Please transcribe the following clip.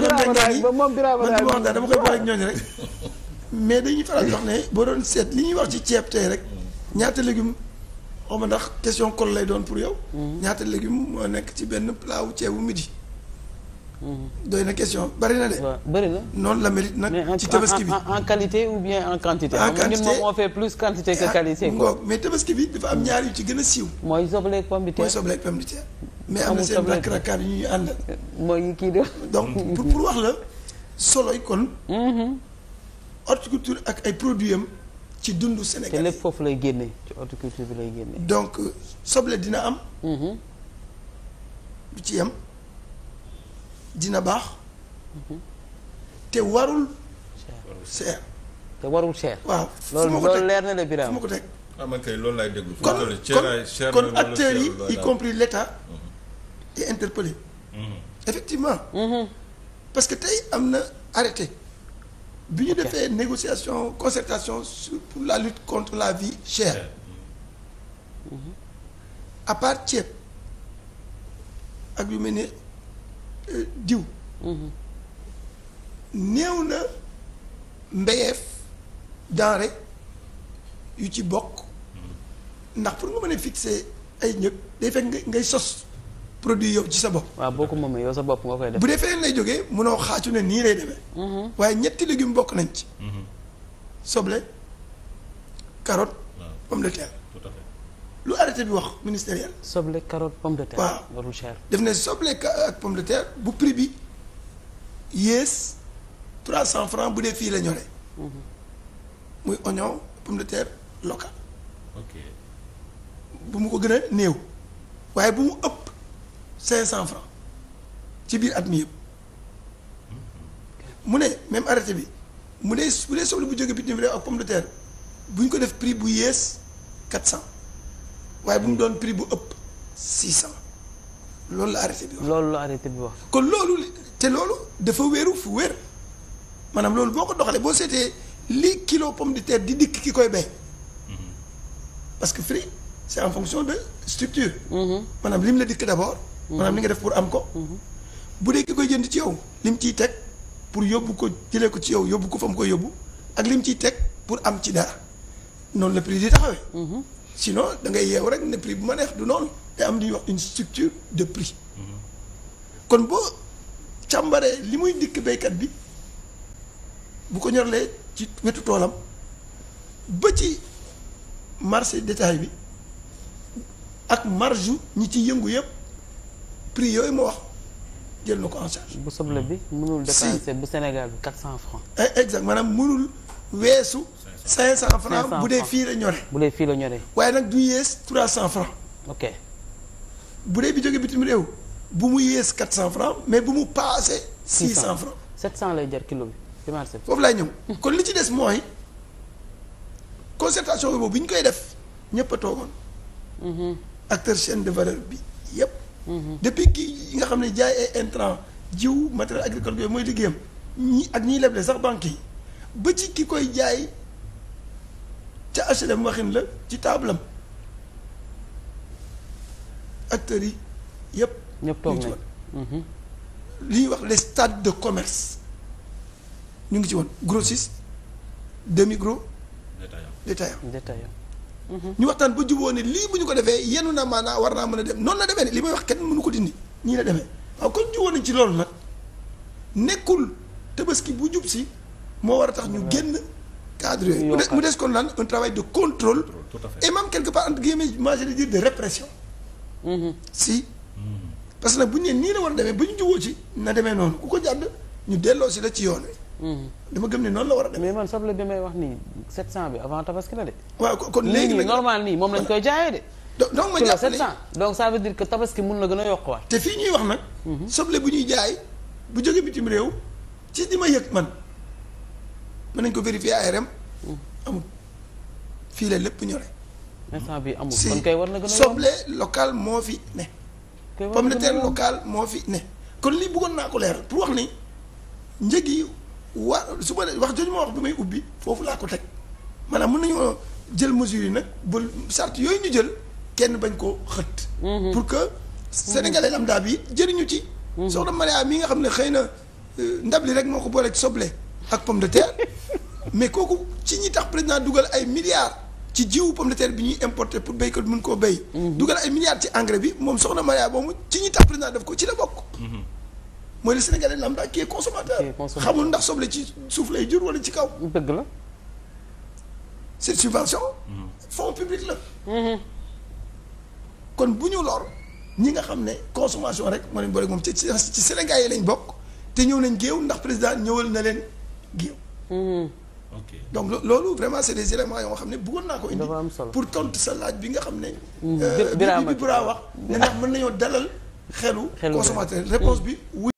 man moom Birama Ndiaye man dama koy boole ñooñu rek mais dañuy faral di wax ne boo doon seet li ñuy wax ci ceeb tey rek ñaata légume xaw ma ndax question kol lay doon pour yow. ñaata légume moo nekk ci benn plat wu ceebu midi. doy na question bari na de. bari na la mérite nag. ci tabaski bi en qualité ou bien en quantité. en quantité ñun moom ah, mais tabaski bi dafa am ñaar yu ci gën a siiw. mooy soble ak pomme de mais am na seen rakk-rakkaan yu ñuy àndal. mooy kii de. donc pour pour wax la solo yi kon. Mm-hmm. horticulture ak ay produits am ci dundu Sénégal. te lépp foofu lay génnee ci horticulture bi lay donc soble dina am. Mm-hmm. du ci yem dina baax. Mm-hmm. te warul. cher te warul cher. waaw loolu loolu leer na la Birame fu ma ko ah, laay déglu. kon kon acteurs yi y compris l'État. été interpellé. Mm-hmm. effectivement. Mm-hmm. parce que tey am na arrêté. bi ñu defee négociation concertation sur pour la lutte contre la vie chère. Mm-hmm. à part ceeb ak yu mel ne euh, diw. néew na mbayeef denrée yu ci bokk. ndax pour nga mën a fixer ay ñëg day fekk ngay sos. produit yow ci sa bopp. waaw boo ko moomee yow sa bopp nga koy def. bu dee feneen lay jógee mënoo xaaju ne nii lay demee. Mhm. waaye ñetti légumes bokk nañ ci. Mhm. soble carotte. pomme de terre. lu arrêté bi wax ministériel. soble carotte pomme de terre. waaw warul cher. def soble ak pomme de bu prix bi yées trois cent francs bu dee fii la ñore mhm. muy oignon pomme de terre local. bu mu ko gën a néew. waaye bu mu ëpp. cinq cent francs ci biir at mi mu ne même arrêté bi mu ne bu dee soble bu jógee bitim réew ak pomme de terre bu ñu ko def prix bu yées quatre cent waaye bu mu doon prix bu ëpp six cent loolu la arrêté bi wax. loolu la arrêté bi kon loolu te loolu dafa wéeru fu wér maanaam loolu boo ko doxalee boo seetee li kilo pomme de terre di dikk ki koy bay mm-hmm. parce que prix c'est en fonction de structure. Mm-hmm. maanaam lim la dikk d'abord. maanaam li nga def pour am ko mhm. bu dee ki koy jënd ci yow lim ciy teg pour yóbbu ko jëlee ko ci yow yóbbu ko fa mu koy yóbbu ak lim ciy teg pour am ci dara noonu la prix di taxawee mhm. sinon da ngay yeew rek ne prix bu ma neex du noonu te am li ñuy wax une structure de prix mhm. kon boo càmbaree li muy dikk béykat bi bu ko ñorlee ci wetu toolam ba ci marché détail bi ak marge ñi ci yëngu yëpp prix yooyu ma wax jël na ko en charge. bu soble bi mënul dépasser bu Sénégal bi 400 francs. Eh, exact maanaam mënul weesu. 500 francs bu dee fii la ñore. bu dee fii la ñore. waaye nag du yées cent francs. ok bu dee bi jógee bitim réew bu mu yées 400 francs mais bu mu paasee. 600 francs 700 lay jar kilo bi ci marché bi. foofu laay ñëw kon li ci des mooy concertation boobu bi ñu koy def ñëpp a toogoon. Mm-hmm. acteur chaîne de valeur bi yëpp. depuis kii nga xam ne jaay ay intrant jiw matériel agricole yooyu mooy liggéeyam ñi ak ñiy leble sax banque yi ba ci ki koy jaay ca HLM waxin la ci taabalam acteurs yi yëpp. ñëpp ñuy wax les stades de commerce ñu ngi ci woon grossiste demi gros détaillant ñu waxtaan ba juboo ne lii bu ñu ko defee yenu na maanaa war naa mën a dem noonu la demee ne li may wax kenn mënu ko dindi ñii la demee waaw kon juboo nañ ci loolu nag nekkul tabaski bu jub si moo war a tax ñu génn cadre yooyu mu des kon lan un travail de contrôle et même quelque part entre guillemets moi je veux dire de répression mm-hmm. si mm. parce que nag bu ñu nee nii la war a demee ba ñu juboo ci na demee noonu ku ko jàdd ñu delloo si la ci yoon wi Mm-hmm. dama gëm ne noonu la war a demee. mais man soble bi may wax nii 700 bi avant tabaski la de. waaw kon léegi nag normal nii moom lañ koy jaayee de. donc ma jàpp 700 donc ça veut dire que tabaski mun na gën a yokkuwaat. te fii ñuy wax nag. Mm-hmm. soble bu ñuy jaay bu jógee bitim réew ci di ma man mën nañ ko vérifier ARM. Mm-hmm. lépp ñore. instant bi amul kon kay war na gën soble local moo fi ne. pomme de terre moo fi ne. kon lii bëggoon naa ko leer pour wax ni njëg yi. wa su ma wax jooju ma wax bi may ubbi foofu laa ko teg maanaam mën nañoo jël mesures yi nag ba charte yooyu ñu jël kenn bañ ko xët. Mhm. pour que sénégalais lambda bi jëriñu ci. Mhm. soxna Maria mi nga xam ne xëy na euh, ndab li rek moo ko booleeg soble ak pomme de terre mais kooku ci ñi tax président dugal ay milliards ci jiwu pomme de terre bi ñuy importer pour béykat bi mën koo béy. Mhm. dugal ay milliards ci engrais bi moom soxna Maria moomu ci ñi tax président def ko ci la bokk. mooy le sénégalais lambda qui est consommateur. xamul ndax soble ci suuf lay jur wala ci kaw. dëgg la. c'est subvention. Mm-hmm. fonds public la. Mm-hmm. kon bu ñu lor ñi nga xam ne consommation rek moo leen boole moom ci ci Sénégal yi lañ bokk te ñëw nañ géew ndax président ñëwal na leen géew. Mm-hmm. ok donc loolu vraiment c'est des éléments yoo xam ne bëggoon naa ko indi. pour tontu sa laaj bi nga xam ne. Euh, bi bi bi wax. ne ndax mën nañoo dalal. xelu consommateur réponse bi